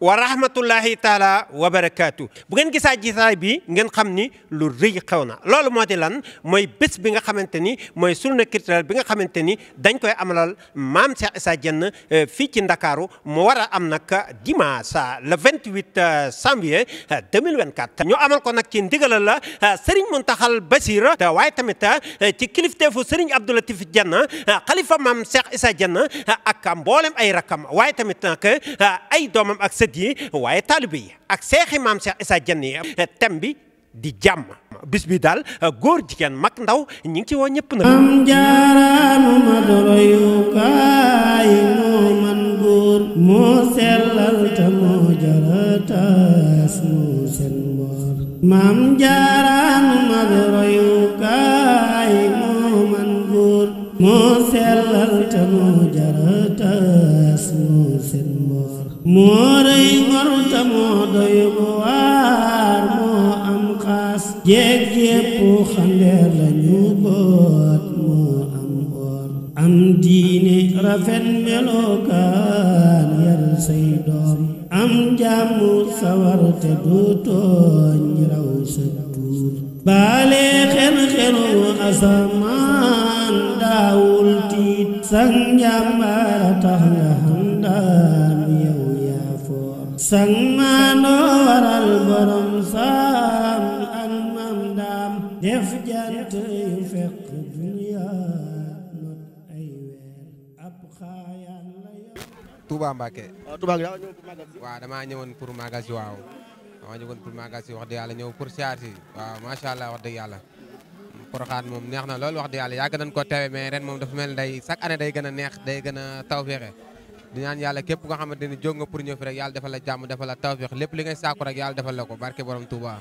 wa rahmatullahi taala wa barakaatu bu ngeen gisaa jisaay bi ngeen xam ni lu rëy xew na loolu moo lan mooy bés bi nga xamante ni mooy journée culturelle bi nga xamante ni dañ koy amalal maam Cheikh Issa Diène euh, fii ci Ndakaaru mu war a am nag dimanche euh, le 28 euh, janvier ta ñu amal ko nag ci ndigalal la Serigne Mountakhal Bassir waaye tamit ci kilifteefu Serigne Abdou Latif janna xalifa maam Cheikh Issa Diène ak mboolem ay rakam waaye tamit ay doomam ak diine waaye taalibe yi ak seexi maam Seex Isaa Jeen yi eh, bi di jàmm bis bi daal eh, góor jigéen mag ndaw ñu ngi ci woo ñëpp na am jaaraama ma doroyukaay moo man moo sellal moo jarataas moo moo man moo sellal moo rëy ngor ta moo doy waar moo am xaas jeeg yépp xandeer lañu boot moo am bool am diine rafet melokaan yar say doom am jàmm sawarte du tooñ raw sa tuur baale xel asamaan daawul tiit sang njàmbaara tax nga xam sang maandoo waral borom saam an mam daam def jant yu fekk duniyaa not ay weer ab xaayaan la yaa Touba Mbacké waaw damaa ñëwoon pour magal si waaw damaa ñëwoon pour magal si wax dëgg yàlla ñëw pour siyaar waaw masha Allah wax dëgg yàlla Porokhane moom neex na loolu wax dëgg yàlla yàgg nañ ko teewe mais ren moom dafa mel day chaque année day gën a neex day gën a tawfeexe di ñaan yàlla képp nga xamante jóg nga pour ñëw fi rek yàlla defal la jàmm defal la lépp li ngay sàkku yàlla defal ko barke borom Touba.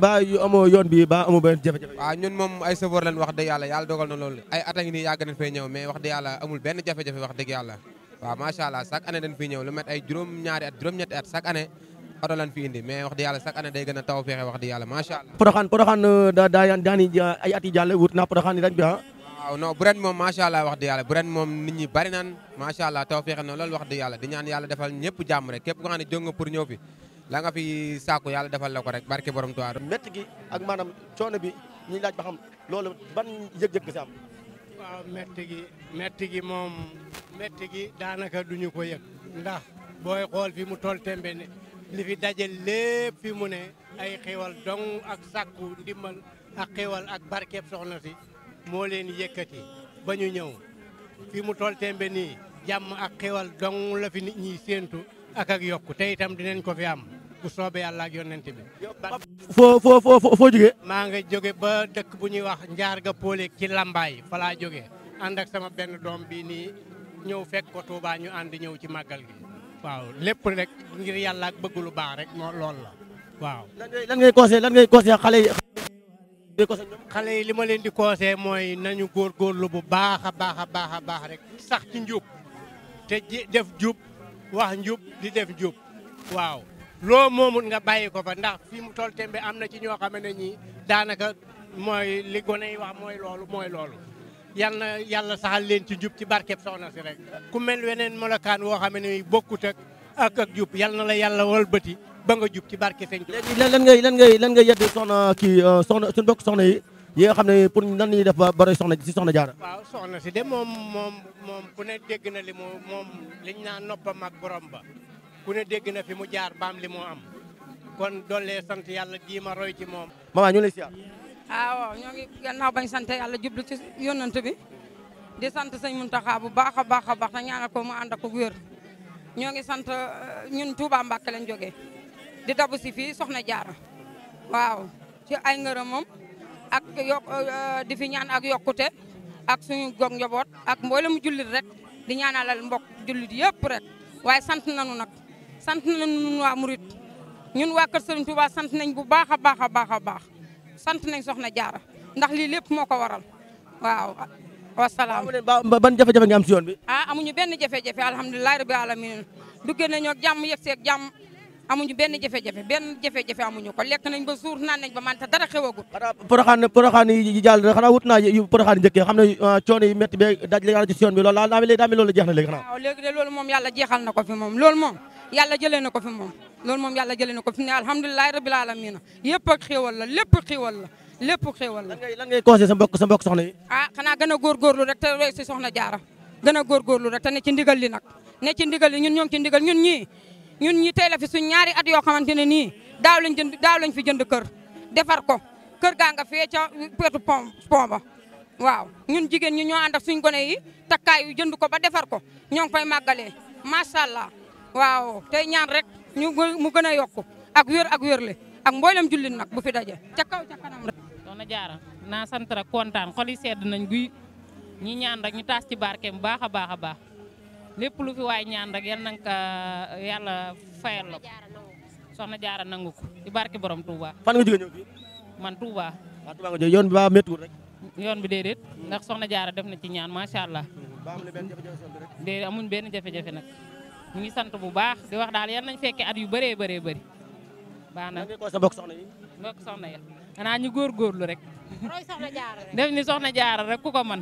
ba yu yoon bi ba a amul benn jafe-jafe wax dëgg yàlla waaw macha allah chaque année dañ fiy ñëw lu met ay juróom-ñaari at juróom-ñetti at chaque année oto lañ fi indi mais wax dëgg yàlla chaque année day gën a yàlla macha allah. Euh, at yi jàll wut naa Porokhane yi dañ bi ah. waaw non bu moom macha allah wax dëgg yàlla bu moom nit ñi bari naan macha allah taw feexe na loolu wax dëgg yàlla di ñaan yàlla defal ñëpp jàmm rek képp ko xam ne jóg nga fi la nga fi sàkku yàlla defal la ko rek barke borom Tuubaa métti gi ak maanaam coono bi ñu laaj ba xam loolu ban yëg-yëg nga si am waaw métti gi gi moom métti gi daanaka duñu ko yëg ndax booy xool fi mu tol tembe ne li fi daje lépp fi mu ne ay xéwal dong ak sàkku ndimbal ak xéwal ak barkeeb soxna si moo leen yëkkati ba ñu ñëw fi mu toll tembe nii jàmm ak xewal dong la fi nit ñi séentu ak ak yokku te itam dinañ ko fi am bu soobe yàlla ak yonent bi. foo foo foo foo jógee. maa nga jóge ba dëkk bu ñuy wax njaar ga pooleek ci Lambaay fa laa jógee ànd ak sama benn doom bi nii ñëw fekk ko Touba ñu ànd ñëw ci màggal gi. waaw lépp rek ngir yàlla ak bëgg lu baax rek moo la waaw. lan ngay lan lan ngay conseillé xale di sa ñoom xale yi li ma leen di conseillé mooy nañu góorgóorlu bu baax a baax a baax a baax rek sax ci njub te def njub wax njub di def njub waaw loo moomut nga bàyyi ko fa ndax fi mu toll tembe am na ci ñoo xam na ñii daanaka mooy li gone yi wax mooy loolu mooy loolu yal na yàlla saxal leen ci njub ci barkeb soxna si rek ku mel weneen melokaan woo xam ne bokkut ak ak ak jub yal na la yàlla walbati ba nga jub ci barke sëñ Tuubaa léegi lan ngay lan ngay lan ngay yedd soxna kii euh, soxna suñu bokk soxna yi yi nga xam ne pour nan ñuy def ba roy soxna si soxna jaara waaw soxna si de moom moom moom ku ne dégg na li mu moom liñ naa noppam ak borom ba ku ne dégg na fi mu jaar baam li mu am kon doole sant yàlla jii ma roy ci moom mama ñu lay siyaar ah waaw ñoo ngi gannaaw bañ sant yàlla jublu ci yónnant bi di sant sëñ Muntaxa bu baax a baax a baax na ñaanal ko mu ànd ak wér ñoo ngi sant euh, ñun Touba Mbacke lañ jógee di dabu si fii soxna jaara waaw ci ay ngërëmam ak yok euh, di fi ñaan ak yokkute ak suñu gog njaboot ak mu jullit rek di ñaanalal mbokk jullit yëpp rek waaye sant nañu nag sant na ñun waa murit ñun waa kër Serigne Touba sant nañ bu baax a baax a baax a baax sant nañ soxna jaara ndax lii lépp moo ko waral waaw wasalaam ban jafe-jafe nga am si yoon bi ah amuñu benn jafe-jafe alhamdulilahi rabbi alamin duggee nañu ak jàmm yegg seeg jàmm amuñu benn jafe-jafe benn jafe-jafe amuñu ko lekk nañ ba suur naan nañ ba man te dara xewagut xanaa poroxaan poroxaan yi jàll na xanaa wut naa yu poroxaan yi njëkkee xam ne ah, coono yi métti bee daj li nga ci yoon bi loolu daa mel daa mel loolu jeex na léegi xanaa waaw léegi de loolu moom yàlla jeexal na ko fi moom loolu moom yàlla jëlee na ko fi moom loolu moom yàlla jëlee na ko fi ne alhamdulilahi rabil alamin yëpp ak xéewal la lépp xéewal la lépp xéewal la lan ngay conseillé sa mbokk sa mbokk soxna yi ah xanaa gën a góorgóorlu rek te roy si soxna jaara gën a góorgóorlu rek te ne ci ndigal li nag ne ci ndigal li ñun ñoom ci ndigal ñun ñii ñun ñi tey la fi suñ ñaari at yoo xamante ne nii daaw lañ jënd daaw lañ fi jënd kër defar ko kër gaa nga fee ca petu pom pom ba waaw ñun jigéen ñi ñoo ànd ak suñ gone yi takkaay yu jënd ko ba defar ko ñoo ngi fay màggalee macha allah waaw tey ñaan rek ñu mu gën a yokku ak wér ak wérle ak mboolem jullit nag bu fi daje ca kaw ca kanam rek. doona naa sant rek kontaan xol yi sedd nañ guy ñi ñaan rek ñu taas ci barkeem baax a baax a baax. lépp lu fi waay ñaan rek yal na nga ko yàlla fayal la ko soxna jaara nangu ko borom Touba. fan nga jógee ñëw fii. man Touba. waaw Touba nga jógee yoon bi ba méttiwul rek. yoon bi déedéet ndax soxna jaara def na ci ñaan macha allah. Mm-hmm. ba amuñu benn jafe-jafe rek. déedéet benn jafe nag ñu ngi sant bu baax di wax daal yal nañ fekkee at yu bëree bëree bëri. baax na ko sa mbokk soxna ya xanaa ñu góorgóorlu rek. rek def ni soxna jaara rek ku ko man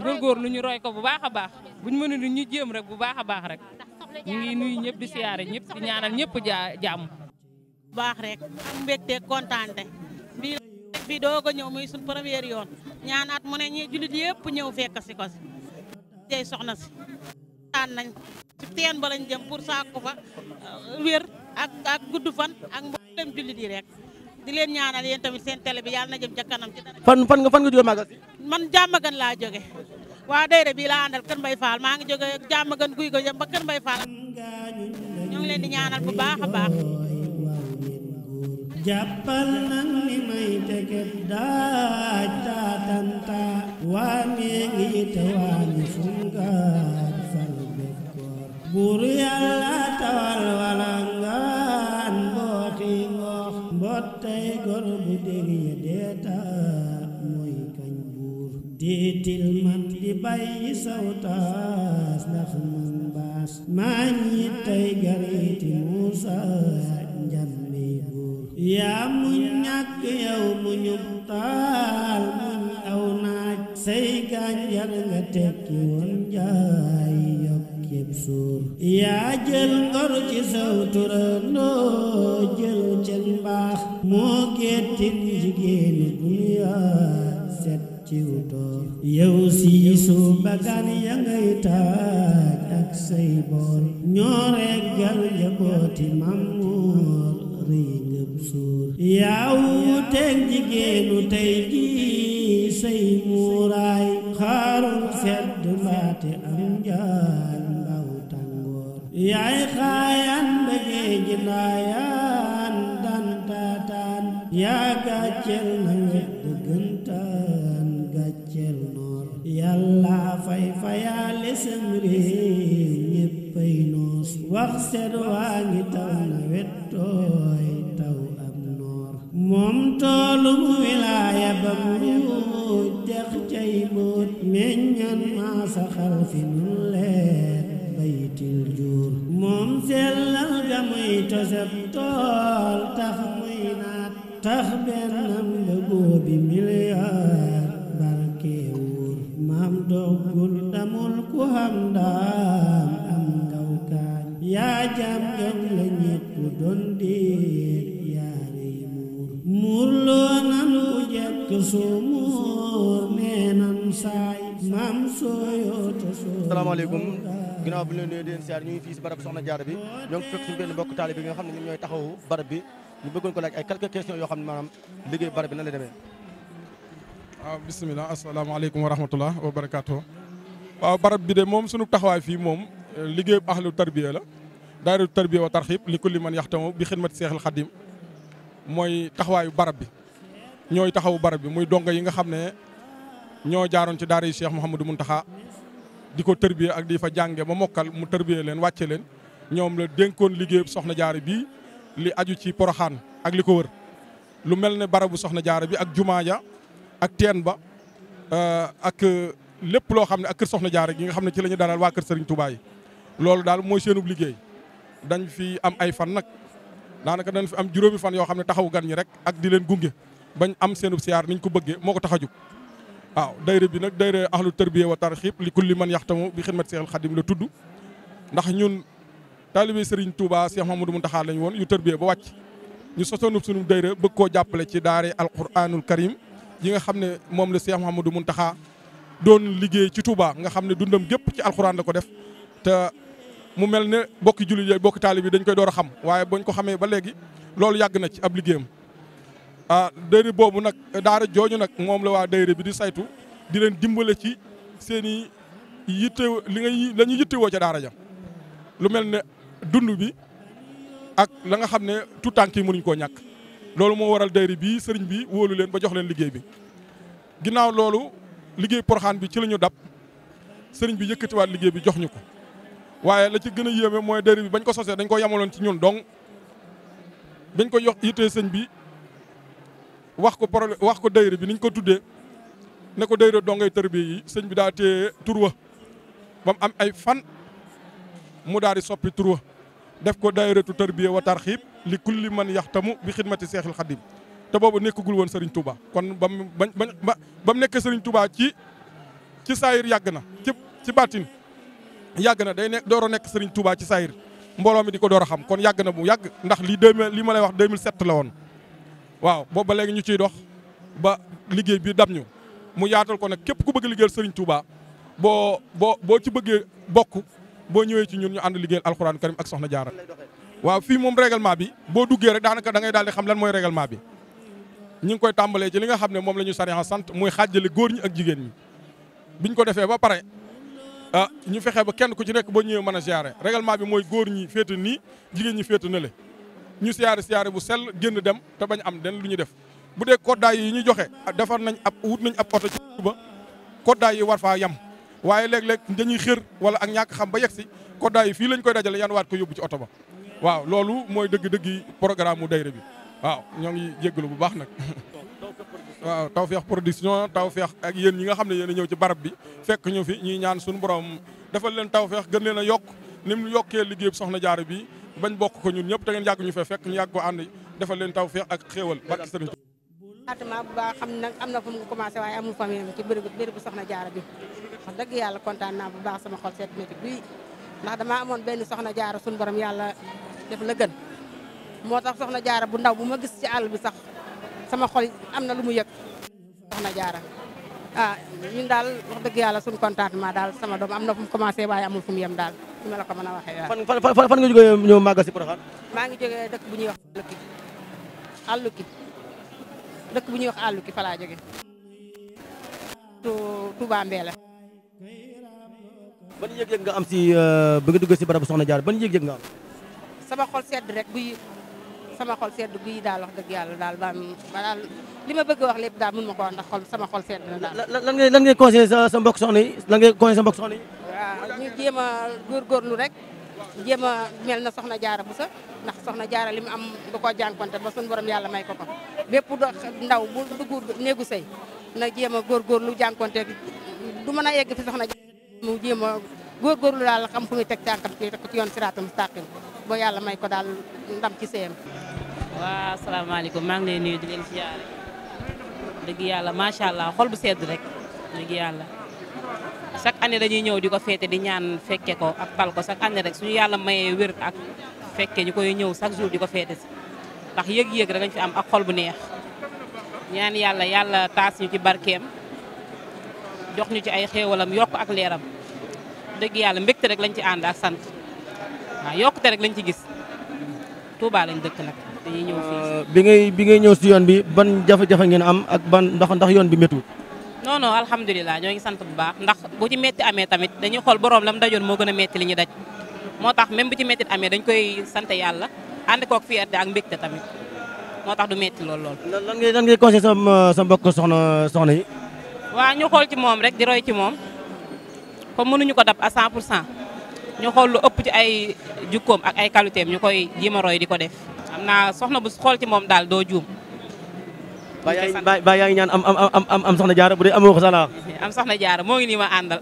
góorgóorlu ñu roy ko bu baax a baax buñ mënul ñu jéem rek bu baax a baax rek ñu ngi nuyu ñëpp di siyaare ñëpp di ñaanal ñëpp jaa jàmm. baax rek am mbégte kontaante bii bi doog a ñëw muy suñ première yoon ñaanaat mu ne ñi jullit yëpp ñëw fekk si ko si soxna si taan nañ ci teen ba lañ jëm pour sàkku fa euh, wér ak ak gudd fan ak mboolem jullit yi rek di leen ñaanal yentamit seen tele bi yàlla na jëm ca kanam ci fan fan nga fan nga jóge man jàmm gan laa joge waa dayre bii laa àndal Kër Mbaye Fall maa ngi jóge jàmm gën guy ko jëm Kër Mbaye Fall ñu ngi leen di ñaanal bu baax a baax jàppal nan ni may teket daaj taatanta waa néegi te waa ñu sungaat fal bekkoor buur yàlla tawal walangaan mbooti ngoox mbottay gor bu dég ya deeta mooy kañ buur déetil bàyyi saw taas ndax man baas maa ñi tey gariti muusa njammi buur yaa mu ñàkk yow mu ñub taal muñ aw naaj say gaañ yar nga tekki yaaw teg jigéenu tey jii say muuraay xaarum sedd mbaate am njaan mbaw tàngoor yaay asalaamaaleykum ginnaaw bi ñu leen nuyee di ngi fii si bi ñoo ngi fekk suñu benn mbokk taalibe bi nga xam ne ñoom ko laaj ay quelques questions yoo xam ne maanaam liggéey barab bi nan la demee waaw bisimilah asalaamaaleykum wa rahmatullah wa barakaatu barab bi de moom sunu taxawaay fii moom liggéey ahlu tarbiya la daayru tarbiya wa tarxib li kulli man yaxtamu bi xidmati seexal xadim mooy taxawaayu barab bi ñooy taxawu barab bi muy dongo yi nga xam ne ñoo jaaroon ci daara yi Cheikh Mouhamadou Mountakha di ko tërbiyee ak di fa jànge ba mokkal mu tërbiyee leen wàcce leen ñoom la dénkoon liggéeyub soxna jaare bii li aju ci poroxaan ak li ko wër lu mel ne barabu soxna jaare bi ak jumaa ja ak teen ba euh, ak lépp loo xam ne ak kër soxna jaare gi nga xam ne ci la ñu waa kër Serigne Touba yi loolu daal mooy seenub liggéey dañ fi am ay fan nag daanaka dañ fi am juróomi fan yoo xam ne taxawu gan ñi rek ak di leen gunge bañ am seenub siyaar niñ ko bëggee moo ko tax waaw dayre bi nag dayre ahlu tarbiya wa tarxib li kulli man yaxtamu bi xidmat seexal xadim la tudd ndax ñun taalibe Serigne Touba Cheikh Mamadou Mountakha lañ woon yu tarbiya ba wàcc ñu sosoonub sunu dayre bëgg koo jàppale ci daare alquranul karim yi nga xam ne moom la Cheikh Mamadou Mountakha doon liggéey ci Touba nga xam ne dundam gépp ci alquran la ko def te mu mel ne bokki jullit yooyu bokki taalibe yi dañ koy door a xam waaye booñ ko xamee ba léegi loolu yàgg na ci ab liggéeyam ah dayri boobu nag daara jooñu nag moom la waa dayri bi di saytu di leen dimbale ci seeni i yitte li nga la ñu yittewoo ca daara ja lu mel ne dund bi ak la nga xam ne tout tànk yi mënuñ koo ñàkk loolu moo waral dayri bi sëriñ bi wóolu leen ba jox leen liggéey bi ginnaaw loolu liggéey Porokhane bi ci la ñu dab sëriñ bi yëkkatiwaat liggéey bi jox ñu ko waaye la ci gën a yéeme mooy dayri bi bañ ko sosee dañ ko yamaloon ci ñun donc bañ ko yox yittee sëñ bi wax ko problème wax ko dayre bi niñ ko tuddee ne ko dayre dongay tërbiya yi sëñ bi daa téye turwa ba mu am ay fan mu daal di soppi turwa def ko dayratu tërbiya wa tarxiib li kulli man yaxtamu bi xidmati seexil xadim te boobu nekkagul woon Serigne Touba kon ba mu ba ba mu nekkee Serigne tubaa ci ci saayir yàgg na ci ci bàttin yàgg na day ne door a nekk Serigne Touba ci saayir mbooloo di ko door a xam kon yàgg na bu yàgg ndax lii li ma lay wax 2007 la woon. waaw boobu ba léegi ñu ciy dox ba liggéey bi dab ñu mu yaatal ko nag képp ku bëgg liggéeyal Serigne Touba boo boo boo ci bëggee bokk boo ñëwee ci ñun ñu ànd liggéeyal alxuraan karim ak soxna jaara waaw fii moom règlement bi boo duggee rek daanaka da daal di xam lan mooy règlement bi ñu ngi koy tàmbalee ci li nga xam ne moom la ñu sariya sant muy xaajale góor ñi ak jigéen ñi biñ ko defee ba pare ah ñu fexe ba kenn ku ci nekk boo ñëwee mën a gérer règlement bi mooy góor ñi féete nii jigéen ñi féete na le ñu siyaare siyaare bu sell génn dem te bañ am den lu ñu def bu dee koddaay yi ñu joxe defar nañ ab wut nañ ab oto ci ba yi war faa yam waaye léeg-léeg dañuy xër wala ak ñàkk xam ba yegg si koddaay yi fii lañ koy dajale yan waat ko yóbbu ci oto ba waaw loolu mooy dëgg-dëgg programme mu dayre bi waaw ñoo ngi jéggalu bu baax nag waaw Tawfekh Production Tawfekh ak yéen ñi nga xam ne yéen a ñëw ci barab bi fekk ñu fi ñuy ñaan suñu borom defal leen Tawfekh gën leen a yokk ni mu yokkee liggéey soxna jaara bi bañ bokk ko ñun ñëpp da ngeen yàgg ñu fee fekk ñu yàgg ko ànd defal leen taw feex ak xéewal barke sëriñ département bu baax xam nag am na fu mu commencé waaye amul famille ci béréb béréb soxna jaara bi wax dëgg yàlla kontaan naa bu baax sama xol seet métti bii ndax damaa amoon benn soxna jaara suñu borom yàlla def la moo tax soxna jaara bu ndaw bu ma gis ci àll bi sax sama xol am na lu mu yëg soxna jaara ah ñun daal dëgg yàlla suñu contentement daal sama doom am na fu mu commencé waaye amul fu mu yem daal ma la ko mën a waxee waaw. fan fan maa ngi jógee dëkk bu ñuy wax Alluki Alluki dëkk bu ñuy wax Alluki fa laa jógee. Touba nga am si euh, ba nga duggee si barabu Soxna Jaar ban yëg-yëg nga sama xol sedd rek guy sama sedd guy daal wax dëgg yàlla daal ba daal li ma bëgg wax lépp daal mun ma ko wax ndax xol sama xol sedd na daal. lan ngay lan sa sa mbokk soxna yi lan ngay conseillé sa mbokk soxna yi. waaw ñu jéem a góorgóorlu rek jéem a mel na soxna jaara bu sa ndax soxna jaara li mu am du ko jànkonte ba suñu borom yàlla may ko ko bépp ndaw bu dugg néegu sëy na jéem a góorgóorlu jànkonte du mën a egg fi soxna jaara mu jéem a góorgóorlu daal xam fu muy teg tànkam ci rek ci yoon siraatal mustaqim ba yàlla may ko daal ndam ci sëyam waaw asalaamaaleykum maa ngi leen nuyu di leen siyaare dëgg yàlla macha allah xol bu sedd rek dëgg yàlla chaque année dañuy ñëw di ko féete di ñaan fekke ko ak tal ko chaque année rek suñu yàlla mayee wér ak fekke ñu koy ñëw chaque jour di ko féete si ndax yëg-yëg rek dañ fi am ak xol bu neex ñaan yàlla yàlla taas ñu ci barkeem jox ñu ci ay xéewalam yokk ak leeram dëgg yàlla mbégte rek lañ ci ànd ak sant waaw yokkute rek lañ ci gis Touba lañ dëkk nag euh, bi ngay bi ngay ñëw si yoon bi ban jafe-jafe ngeen am ak ban ndax ndax yoon bi méttiwul non non alhamdulilah ñoo ngi sant bu baax ndax bu ci metti amee tamit dañuy xool borom lam dajoon moo gën a metti li ñu daj moo tax même bu ci mettit amee dañ koy sant yàlla ànd koog fierté ak mbégte tamit moo tax du metti lool lool. lan ngay lan ngay conseil sa sa mbokk soxna soxna yi. waaw ñu xool ci moom rek di roy ci moom comme mënuñu ko dab à sant pour sant ñu xool lu ëpp ci ay jukkoom ak ay qualité am ñu koy jéem a roy di ko def xam naa soxna bu xool ci moom daal doo juum. ba yaa ngi ñaan am soxna jaara bu dee amoo ko sax am soxna jaara moo ngi ma àndal.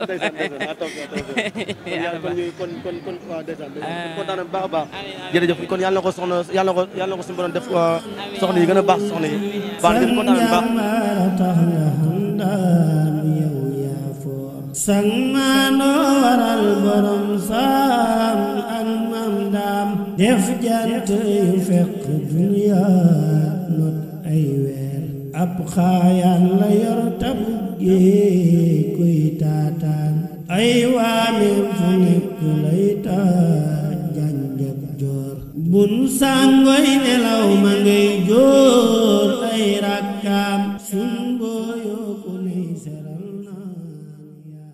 kon yàlla ko soxna yàlla na ko yàlla na ko suñu borom def soxna yi gën a baax soxna ay weer ab xaayaan la yor tabu géej taataan ay waameem fu nekk lay taaj janjab joor bun sàngoy nelaw ma ngay joor ay rakkaam sun booyoo ku ney seral naa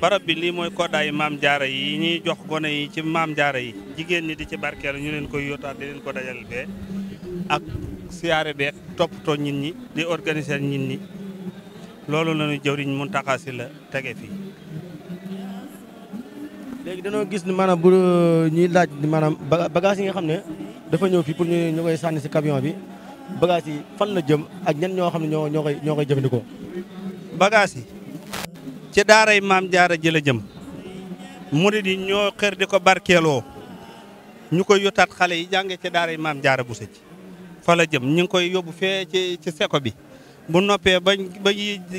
barab bi lii mooy koddaay maam jaara yi ñuy jox gone yi ci maam jaara yi jigéen ñi di ci barkeelu ñu leen koy yóotaat di leen ko dajal bee siyaare beeg toppatoo nit ñi di organiser nit ñi loolu la ñu jëwriñ Mountakha la tege fi léegi dañoo gis ni maanaam bu euh, ñuy laaj maanaam bagage yi nga xam ne dafa ñëw fii pour ñu ñu koy sànni si camion bi bagage yi fan la jëm ak ñan ñoo xam ne ñoo ñoo koy ñoo koy jëfandikoo. bagage yi. ci daaray maam jaara jëla jëm murid yi ñoo xër di ko barkeeloo ñu koy yottaat xale yi jànge ci daaray maam jaara bu sëcc fa la jëm ñu ngi koy yóbbu fee ci seko bi bu noppee ba ba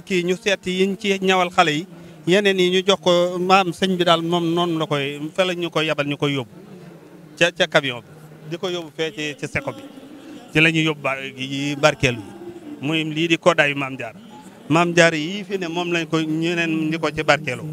kii ñu seet yi yiñ ci ñawal xale yi yeneen yi ñu jox ko maam sëñ bi daal moom noonu la koy fa ñu ko yabal ñu koy yóbbu ca ca camion bi di ko yóbbu fee ci seko bi ci la ñuy yóbbu barkeelu yi muy lii di koddaayu maam jaar maam jaar yii moom lañ ko ñeneen ñi ko ci barkeelu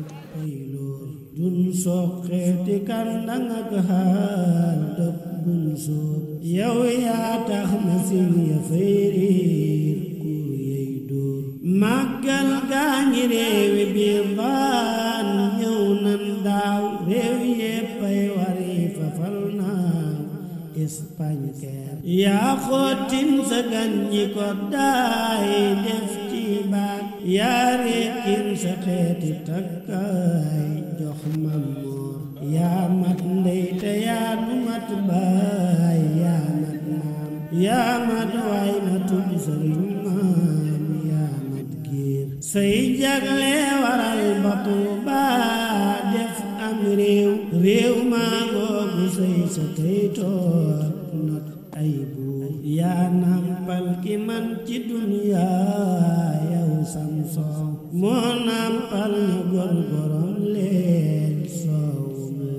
bul soog xeeti kàndang ak xaal dog bul soog yow yaa tax masin ya fay riir kur yey dóor gaa ngi réewi biir baan ñëw nan daaw réew yeppay wari fafal naaw Espagne keer yaa xootin sa gan ñi ko daay def ba yaare kir sa xeeti takkaay jox ma moor yaa mat ndey yaa du mat baay yaa mat maam yaa mat waay ma tudd sëriñ maam yaa mat giir say jagle waral ba Tuubaa def am réew réew maa googu sa tey too goro leen soow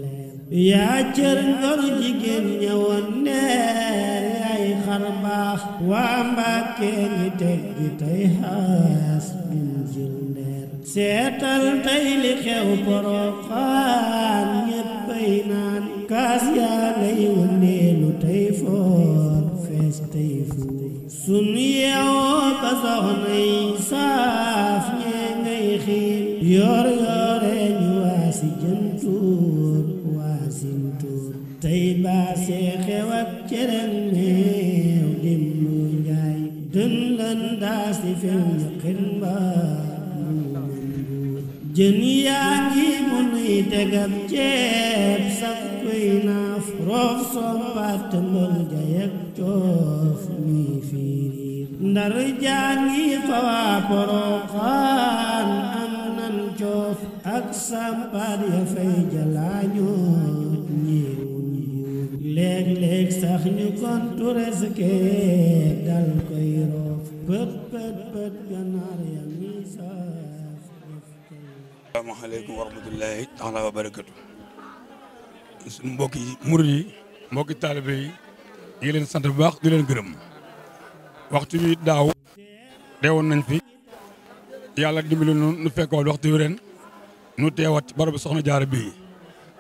leen yaa cër ngor jigéen ñëwoon neen ay xar baax waa mbàkkee ñi teg gi tey xaas bin jil ndeer seetal tey li xew poroxaan ñéppay naan kaas yaa lay wëndeelu tey foor fees tey fuur sun yeewoo ba soxna yi saaf ñee ngay xiin yoor yoore ñu waasi jëntuur waasintuur tey baasee xew ak ceren meew lim nu njaay dën daasi feew ñu xin mu mën jën yaa ngi mu nuy tegab ceeb saf kuy naaf roof sombaat mbël jayak coof muy fiiriir ndar jaa ngi fa waa ak sampaat ya fay jalaañoo ñiiw ñiiw léeg wa barakatu mbokki murid yi mbokki taalibe yi leen sant bu baax di leen gërëm waxtu wi daaw deewoon nañ fi yàlla dimbali nu nu fekkoon waxtu wi nu teewaat barab soxna jaara bii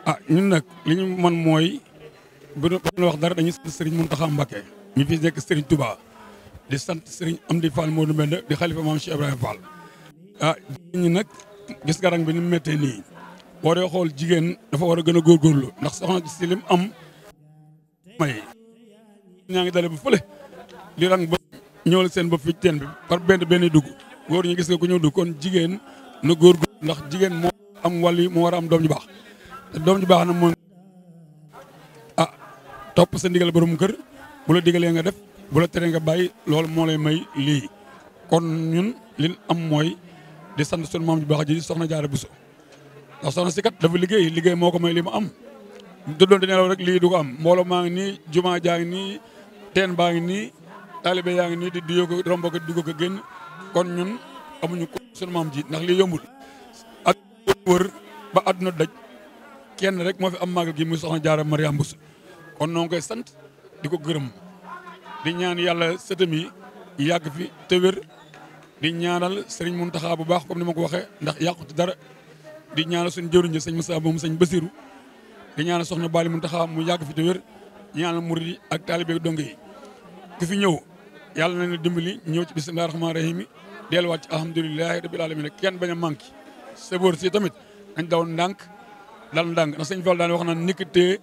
ah ñun nag li ñu man mooy bu ñu wax dara dañuy sant Serigne Mountakha Mbacké ñu fi nekk Serigne tubaa di sant Serigne Amdi Fall Modou Mbende di xalifa maam Cheikh Ibrahima Fall. ah ñi nag gis nga bi ni mu nii boo dee xool jigéen dafa war a gën a góorgóorlu ndax soxna si lim am may ñaa ngi dale bu fële di rang ba ñëwal seen bopp fi teen bi par benn benn dugg góor ñu gis ko ku ñëw dugg kon jigéen na góorgóorlu ndax jigéen am wàll mu war a am doom ju baax te doom baax nag mooy ah topp sa ndigal borom kër bu la digalee nga def bu la teree nga bàyyi loolu moo lay may lii kon ñun liñ am mooy di sant sunu maam ju baax ji soxna Jaara Buso ndax soxna si kat dafa liggéey liggéey moo ko may li mu am duddoon di nelaw rek lii du ko am mbooloo maa ngi nii jumaa jaa ngi nii teen baa ngi nii taalibe yaa ngi nii di duyoo ko rombo ko dugg ko génn kon ñun amuñu ko sunu maam ji ndax lii yombul wër ba àdduna daj kenn rek moo fi am màggal gi muy soxna Jaara Mariama Bousso kon noo ngi koy sant di ko gërëm di ñaan yàlla sëtam yi yàgg fi te wér di ñaanal sëriñ Muntaxa bu baax ni ma ko waxee ndax yàqu ci dara di ñaanal suñu jëruñu sëñ Moussa moom sëñ Basiru di ñaanal soxna Bali Muntaxa mu mu yàgg fi te wér ñaanal murid yi ak taalibe donge yi ku fi ñëw yàlla nañu dimbali ñëw ci bismillaahi rahmaani rahiim delluwaat ci alhamdulilahi rabbil alamin kenn bañ a manqué sëboor si tamit nañ daw ndànk dal ndànk na sëñ Fall daan wax na nikk téye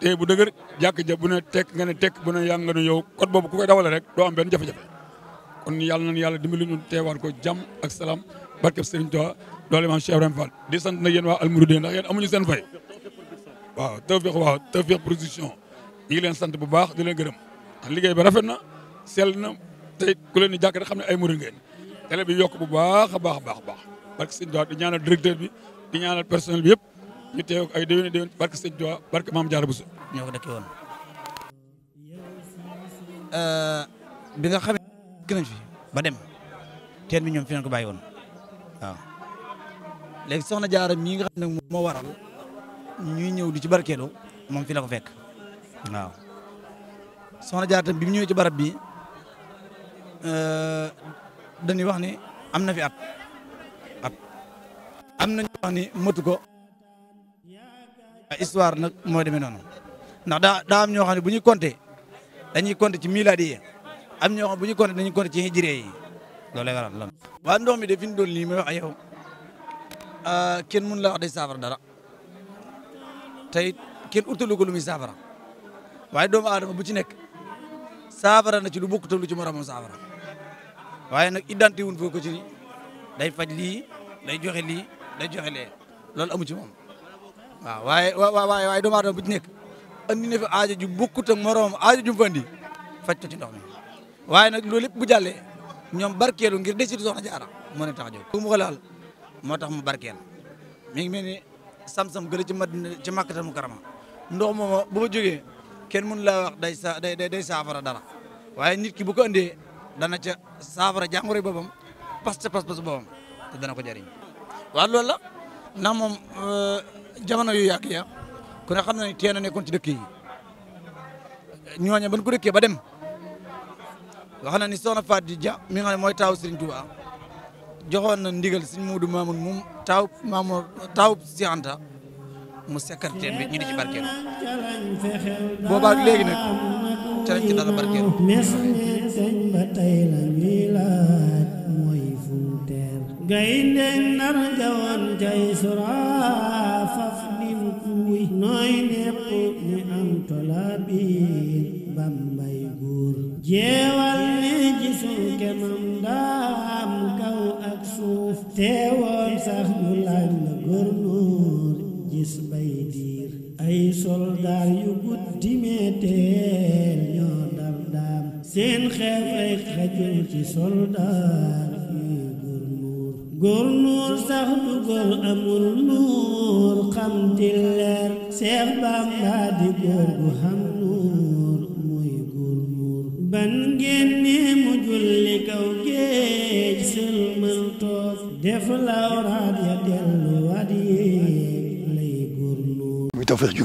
téye bu dëgër jàkk ja bu ne tekk nga ne tekk bu ne yaa nga nu yow code boobu ku koy dawale rek doo am benn jafe-jafe kon yàlla nañu yàlla dimbali ñu teewaat ko jàmm ak salaam barkeb Serigne Touba doole maam Cheikh Ibrahima di sant nag yéen waa Almouride ndax yéen amuñu seen fay waaw Tawfekh waaw Tawfekh production ñu ngi leen sant bu baax di leen gërëm ndax liggéey ba rafet na sel na te ku leen di jàkk rek xam ne ay murid ngeen télé bi yokk bu baax a baax baax baax barke sëñ Tuubaa di ñaanal directeur bi di ñaanal personnel bi yëpp ñu teew ay déwén déwén barke sëñ Tuubaa barke maam Jaara Buso ñoo ko dëkkee euh, bi nga xamee gën nañ fi ba dem teen bi ñoom fi nañ ko bàyyi woon waaw léegi soxna Jaara mii nga xam ne moo waral ñuy ñëw di ci barkeelu moom fi la ko fekk waaw soxna Jaara tam bi mu ñëwee ci barab bi euh, dañuy wax ni am na fi at am nañu wax ni matu ko histoire nag moo demee noonu ndax daa daa am ñoo xam ne bu ñuy compter dañuy compter ci miladi yi am ñoo bu ñuy compter dañuy compter ci hijri yi loolu lay waa ndox mi de fi ñu doon lii may ah, kenn mënu la wax day saafara dara tey kenn utalu ko lu muy saafara waaye doomu aadama bu ci nekk saafara na ci lu bokkut lu ci moromam saafara waaye nag identité wuñ foo ko ci day faj lii day joxe lii. day joxe le loolu amu ci moom waaw waaye waaw waaye waaye doomu bu ci nekk andi na fi aajo ju bokkut ak moroom aajo ju mu andi faj ko ci ndox mi waaye nag loolu lépp bu jàllee ñoom barkeelu ngir des ci soxna jaara moo ne tax a jóg ku ko laal moo tax mu barkeel mi ngi mel ni sam-sam gële ci madina ci màkkatal mu karama ndox mooma bu ma jógee kenn mënu laa wax day sa day day saafara dara waaye nit ki bu ko andee dana ca saafara jàngoro boppam pas ca pas pas boppam te dana ko jariñ waaw loolu la ndax moom euh, jamono yu yàgg ya ku ne xam na ne teen a nekkoon ci dëkk yi ñooña ban ko dëkkee ba dem wax ni soxna Faat di ja mi nga xam ne mooy taaw Serigne joxoon na ndigal Serigne Modou Mamoun moom taaw Mamoun taaw Cheikh mu sekkar teen bi ñu di ci barkeelu boobaag léegi nag ca lañ ci dara barkeelu gaynde nar jawoon jay suraa faf dim kuuy nooy nepp ne am tolaabiir bambay guur jeewal ne gisul kemam daam kaw ak suuf teewoon sax ñu laaj la gornoor gis bay diir ay soldaar yu guddi meeteel ñoo dar seen xeef ay xajul ci soldaar góor nuur sax du góor amul nuur xam ti leer Seex Bamba di góor bu xam nuur muy góor nuur ban génnee mu julli kaw géej sëlmal toog def lawraat ya delluwaat yéeg lay góor nuur muy Tawfekh ju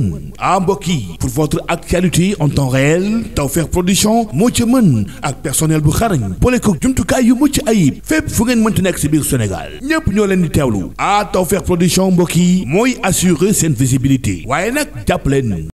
mën ah mbokk yi pour votre actualité en temps réel Tawfekh production moo ci mën ak personnel bu xarañ boole ko jumtukaay yu mucc ayib fépp fu ngeen mënti nekk si biir Sénégal ñépp ñoo leen di teewlu ah Tawfekh production mbokk yi mooy assurer seen visibilité waaye nag jàpp leen